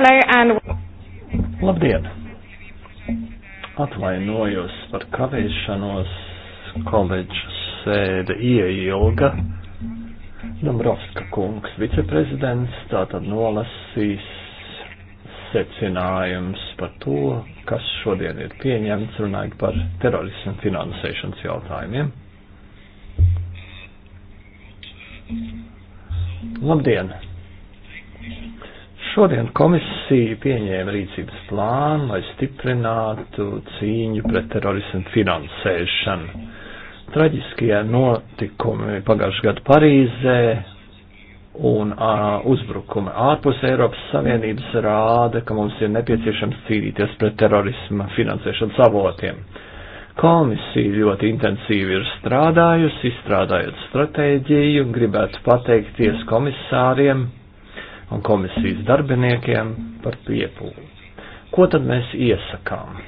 Hello and... Labdien! Atvainojos par kavēšanos, koledžas sēde ieilga. Dombrovska kungs, viceprezidents, tātad nolasīs secinājums par to, kas šodien ir pieņemts runājot par terorismu finansēšanas jautājumiem. Labdien! Šodien komisija pieņēma rīcības plānu, lai stiprinātu cīņu pret terorismu finansēšanu. Traģiskie notikumi pagājušajā gadu Parīzē un uh, uzbrukumi ārpus Eiropas Savienības rāda, ka mums ir nepieciešams cīnīties pret terorismu finansēšanas avotiem. Komisija ļoti intensīvi ir strādājusi, izstrādājot stratēģiju un gribētu pateikties komisāriem un komisijas darbiniekiem par piepūli. Ko tad mēs iesakām?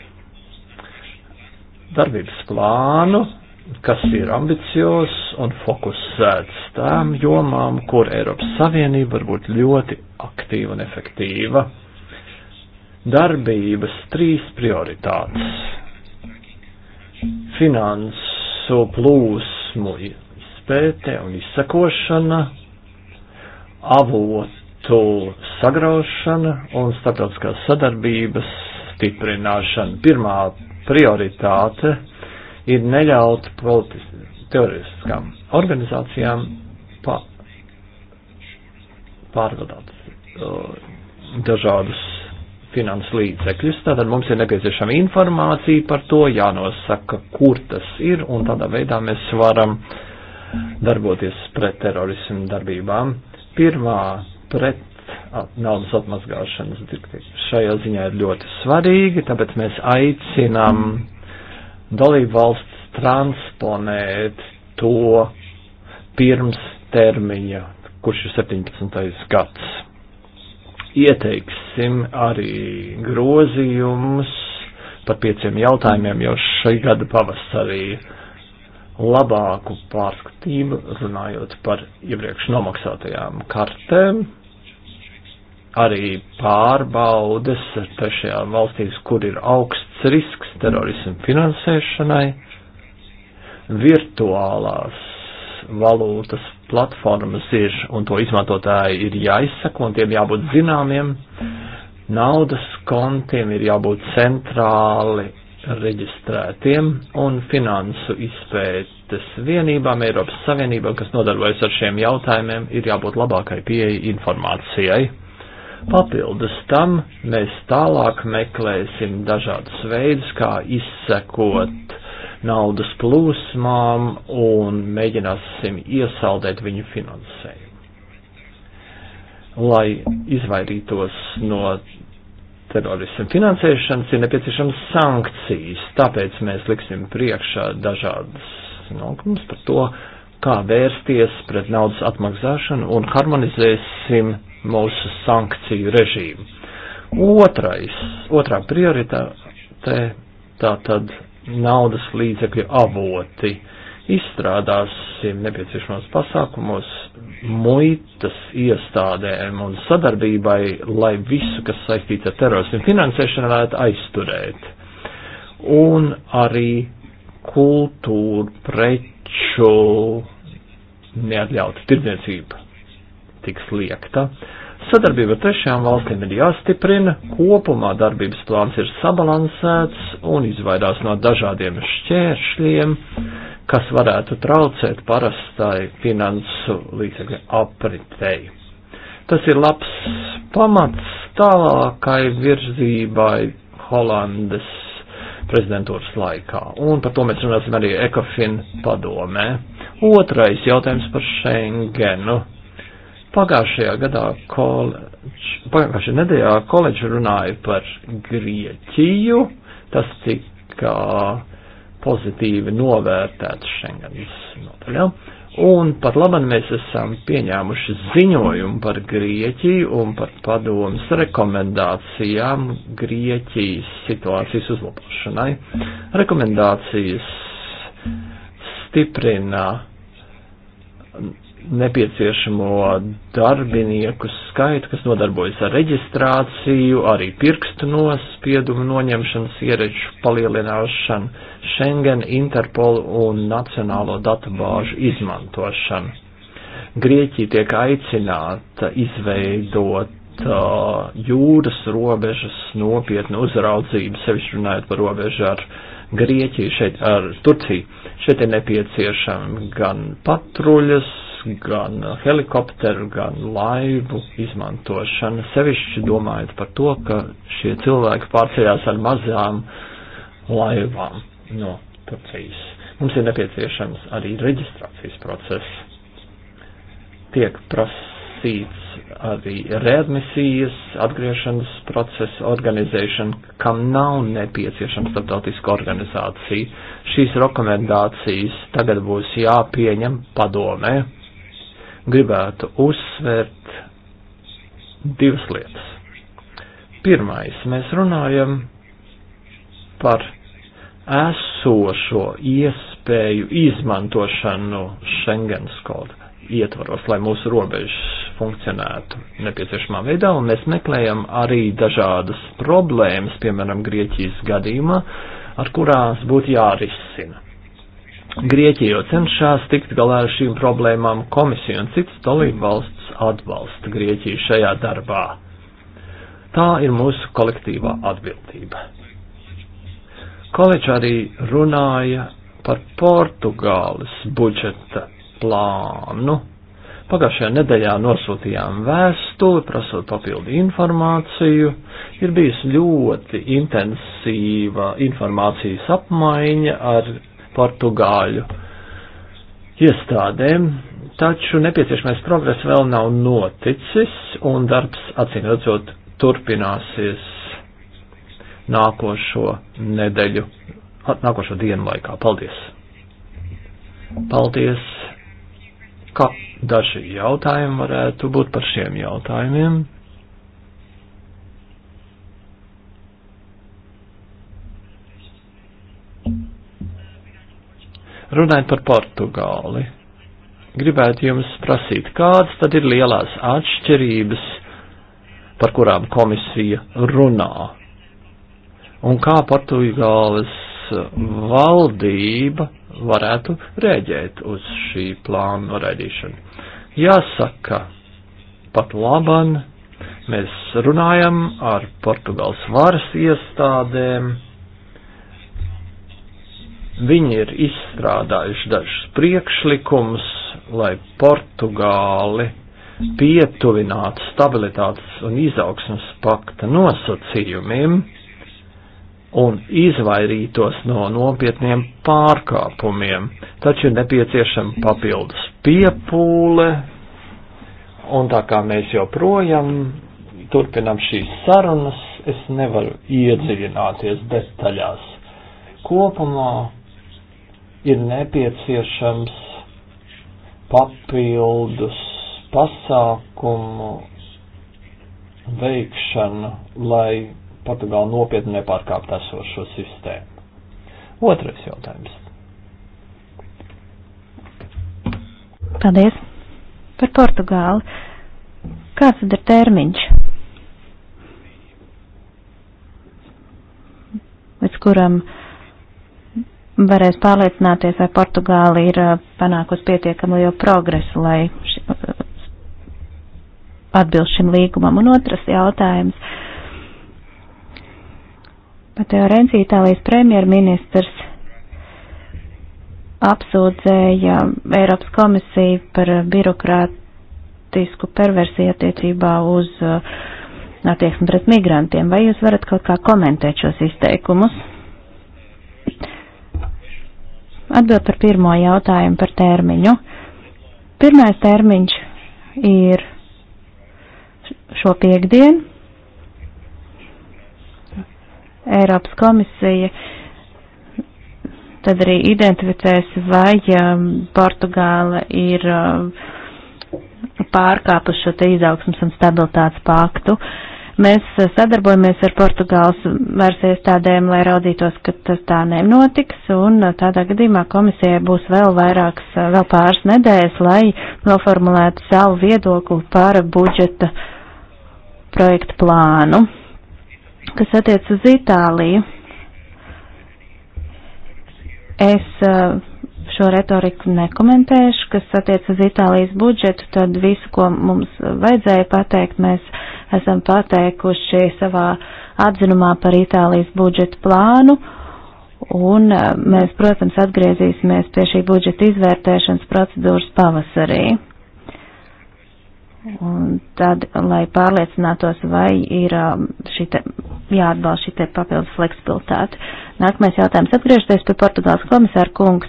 Darbības plānu, kas ir ambicios un fokusēts tām jomām, kur Eiropas Savienība var būt ļoti aktīva un efektīva. Darbības trīs prioritātes - finansu plūsmu izpēte un izsakošana, avot konfliktu sagraušana un starptautiskās sadarbības stiprināšana. Pirmā prioritāte ir neļaut teroristiskām organizācijām pa, pārvadāt uh, dažādus finanses līdzekļus. Tātad mums ir nepieciešama informācija par to, jānosaka, kur tas ir, un tādā veidā mēs varam darboties pret terorismu darbībām. Pirmā pret naudas atmazgāšanas direktīvu. Šajā ziņā ir ļoti svarīgi, tāpēc mēs aicinām dalību valsts transponēt to pirms termiņa, kurš ir 17. gads. Ieteiksim arī grozījumus par pieciem jautājumiem jau šī gada pavasarī labāku pārskatību runājot par iepriekš nomaksātajām kartēm, arī pārbaudes ar trešajām valstīs, kur ir augsts risks terorismu finansēšanai, virtuālās valūtas platformas ir un to izmantotāji ir jāizsaka un tiem jābūt zināmiem, naudas kontiem ir jābūt centrāli reģistrētiem un finansu izpētes vienībām Eiropas Savienībā, kas nodarbojas ar šiem jautājumiem, ir jābūt labākai pieeja informācijai Papildus tam mēs tālāk meklēsim dažādus veidus, kā izsekot naudas plūsmām un mēģināsim iesaldēt viņu finansējumu. Lai izvairītos no terorismu finansēšanas, ir nepieciešams sankcijas, tāpēc mēs liksim priekšā dažādas nokums par to, kā vērsties pret naudas atmaksāšanu un harmonizēsim mūsu sankciju režīmu. Otrais, otrā prioritāte tā tad naudas līdzekļu avoti. Izstrādāsim nepieciešamos pasākumus muitas iestādēm un sadarbībai, lai visu, kas saistīts ar terorismu finansēšanu, varētu aizturēt. Un arī kultūru, preču neatļautu tirdzniecību tiks liekta. Sadarbība ar trešajām valstīm ir jāstiprina, kopumā darbības plāns ir sabalansēts un izvairās no dažādiem šķēršļiem, kas varētu traucēt parastai finansu līdzekļu apritei. Tas ir labs pamats tālākai virzībai Holandes prezidentūras laikā, un par to mēs runāsim arī Ekofin padomē. Otrais jautājums par Schengenu Pagājušajā gadā, koledž, pagājušajā nedēļā koledža runāja par Grieķiju, tas tika pozitīvi novērtēts Schengens nodaļā. Un pat labam mēs esam pieņēmuši ziņojumu par Grieķiju un par padomus rekomendācijām Grieķijas situācijas uzlabošanai. Rekomendācijas stiprina nepieciešamo darbinieku skaitu, kas nodarbojas ar reģistrāciju, arī pirkstu nospiedumu noņemšanas iereču palielināšanu, Schengen, Interpol un nacionālo datubāžu izmantošanu. Grieķija tiek aicināta izveidot uh, jūras robežas nopietnu uzraudzību, sevišķi runājot par robežu ar Grieķiju, šeit ar Turciju. Šeit ir nepieciešami gan patruļas, gan uh, helikopteru, gan laivu izmantošana. Sevišķi domājot par to, ka šie cilvēki pārceļās ar mazām laivām no Turcijas. Mums ir nepieciešams arī reģistrācijas process. Tiek prasīts arī readmisijas, atgriešanas procesa organizēšana, kam nav nepieciešama starptautiska organizācija. Šīs rekomendācijas tagad būs jāpieņem padomē, gribētu uzsvērt divas lietas. Pirmais, mēs runājam par esošo iespēju izmantošanu Schengens kodu ietvaros, lai mūsu robežas funkcionētu nepieciešamā veidā, un mēs meklējam arī dažādas problēmas, piemēram, Grieķijas gadījumā, ar kurās būtu jārisina. Grieķija jau cenšas tikt galā ar šīm problēmām, komisija un citas dalību valsts atbalsta Grieķiju šajā darbā. Tā ir mūsu kolektīvā atbildība. Koledž arī runāja par Portugāles budžeta plānu. Pagājušajā nedēļā nosūtījām vēstuli, prasot papildu informāciju. Ir bijusi ļoti intensīva informācijas apmaiņa ar portugāļu iestādēm, taču nepieciešamais progress vēl nav noticis un darbs acīm redzot turpināsies nākošo nedēļu, nākošo dienu laikā. Paldies! Paldies! Kā daži jautājumi varētu būt par šiem jautājumiem? Runājot par Portugāli, gribētu jums prasīt, kādas tad ir lielās atšķirības, par kurām komisija runā? Un kā Portugāles valdība varētu rēģēt uz šī plāna noraidīšanu? Jāsaka, pat laban, mēs runājam ar Portugāles varas iestādēm Viņi ir izstrādājuši dažus priekšlikumus, lai Portugāli pietuvinātu stabilitātes un izaugsmas pakta nosacījumiem un izvairītos no nopietniem pārkāpumiem, taču ir nepieciešama papildus piepūle, un tā kā mēs joprojām turpinam šīs sarunas, es nevaru iedziļināties detaļās. Kopumā ir nepieciešams papildus pasākumu veikšana, lai Portugāla nopietni nepārkāptu esošo sistēmu. Otrais jautājums. Paldies par Portugāli. Kāds tad ir termiņš? Līdz kuram uh, varēs pārliecināties, vai Portugāla ir panākusi pietiekami lielu progresu, lai ši, atbilst šim līgumam. Un otrs jautājums. Pateo Renzi, Itālijas premjerministrs, apsūdzēja Eiropas komisiju par birokrātisku perversiju attiecībā uz attieksmi pret migrantiem. Vai jūs varat kaut kā komentēt šos izteikumus? Atbild par pirmo jautājumu par termiņu. Pirmais termiņš ir šo piekdienu. Eiropas komisija tad arī identificēs, vai um, Portugāla ir um, pārkāpuši šo te izaugsmas un stabilitātes paktu. Uh, Mēs eh, sadarbojamies ar Portugāles varas iestādēm, lai raudzītos, ka tas tā nenotiks, un eh, tādā gadījumā komisijai būs vēl vairākas, eh, vēl pāris nedēļas, lai noformulētu savu viedokli par budžeta projektu plānu. Kas attiec uz Itāliju, es šo retoriku nekomentēšu, kas attiec uz Itālijas budžetu, tad visu, ko mums vajadzēja pateikt, mēs esam pateikuši savā atzinumā par Itālijas budžeta plānu. Un eh, mēs, protams, atgriezīsimies pie šī budžeta izvērtēšanas procedūras pavasarī. Un tad, lai pārliecinātos, vai ir eh, šite, jāatbalsta šī te papildus fleksibilitāte. Nākamais jautājums atgriežoties pie Portugāles komisāra kungs.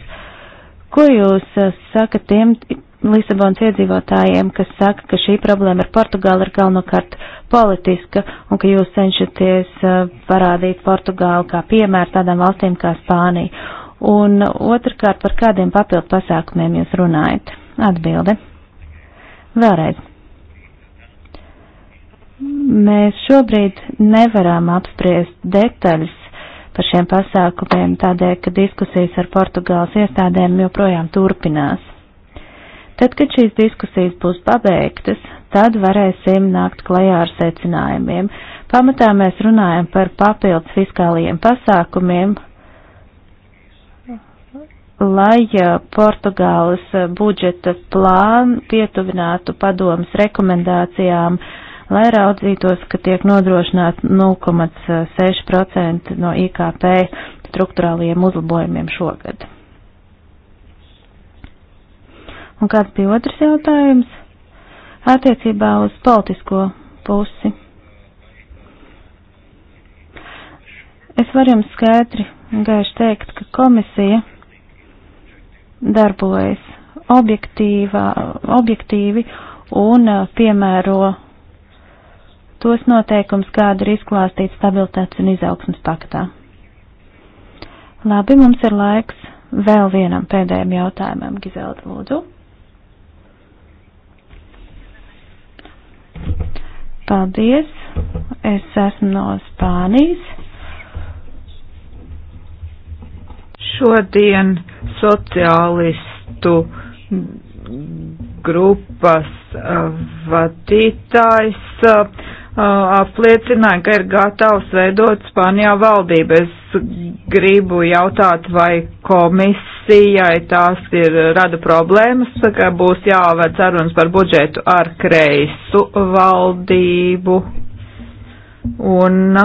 Ko jūs eh, sakat tiem Lisabonas iedzīvotājiem, kas saka, ka šī problēma ar Portugāli ir galvenokārt politiska un ka jūs cenšaties eh, parādīt Portugāli kā piemēru tādām valstīm kā Spānija. Un otrkārt, par kādiem papildu pasākumiem jūs runājat? Atbilde. Vēlreiz. Mēs šobrīd nevaram apspriest detaļas par šiem pasākumiem, tādēļ, ka diskusijas ar Portugāles iestādēm joprojām turpinās Tad, kad šīs diskusijas būs pabeigtas, tad varēsim nākt klajā ar secinājumiem. Pamatā mēs runājam par papildus fiskālajiem pasākumiem, lai eh, Portugāles eh, budžeta plānu pietuvinātu padomas rekomendācijām, lai raudzītos, ka tiek nodrošināts 0,6% no IKP struktūrālajiem uzlabojumiem šogad. Un kāds bija otrs jautājums? Attiecībā uz politisko pusi. Es varu jums skaidri un gaiši teikt, ka komisija darbojas objektīvā, objektīvi un piemēro tos noteikums, kāda ir izklāstīta stabilitātes un izaugsmas paktā. Labi, mums ir laiks vēl vienam pēdējam jautājumam, Gizelda, lūdzu. Paldies! Es esmu no Spānijas. Šodien sociālistu grupas uh, vadītājs uh, uh, apliecināja, ka ir gatavs veidot Spānijā valdību. Es gribu jautāt, vai komis komisijai tās ir rada problēmas, ka būs jāved sarunas par budžetu ar kreisu valdību un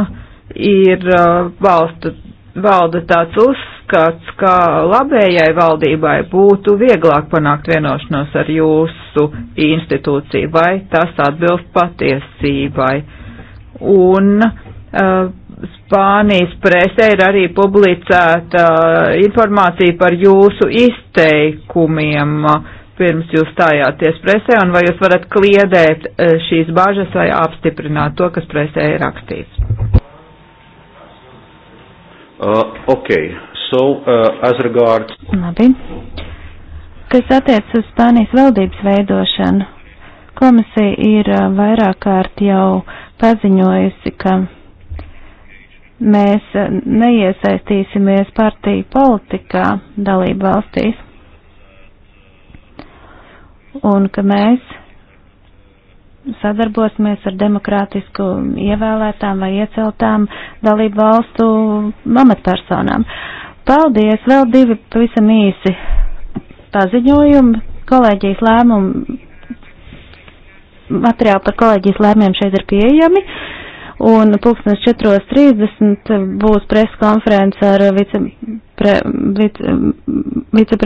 ir uh, valsta, valda tāds uzskats, ka labējai valdībai būtu vieglāk panākt vienošanos ar jūsu institūciju, vai tas atbilst patiesībai. Un uh, Spānijas presē ir arī publicēta uh, informācija par jūsu izteikumiem uh, pirms jūs stājāties presē, un vai jūs varat kliedēt uh, šīs bāžas vai apstiprināt to, kas presē ir rakstīts? Uh, ok, so uh, as regards. Labi. Kas attiec uz Spānijas valdības veidošanu, komisija ir vairāk kārt jau paziņojusi, ka mēs neiesaistīsimies partiju politikā dalību valstīs un ka mēs sadarbosimies ar demokrātisku ievēlētām vai ieceltām dalību valstu amatpersonām. Paldies! Vēl divi pavisam īsi paziņojumi. Kolēģijas lēmumu materiāli par kolēģijas lēmiem šeit ir pieejami. Uh, un pulkstens 4.30 būs preskonference ar vicepriekšsēdētāju vice, pre, vice, vice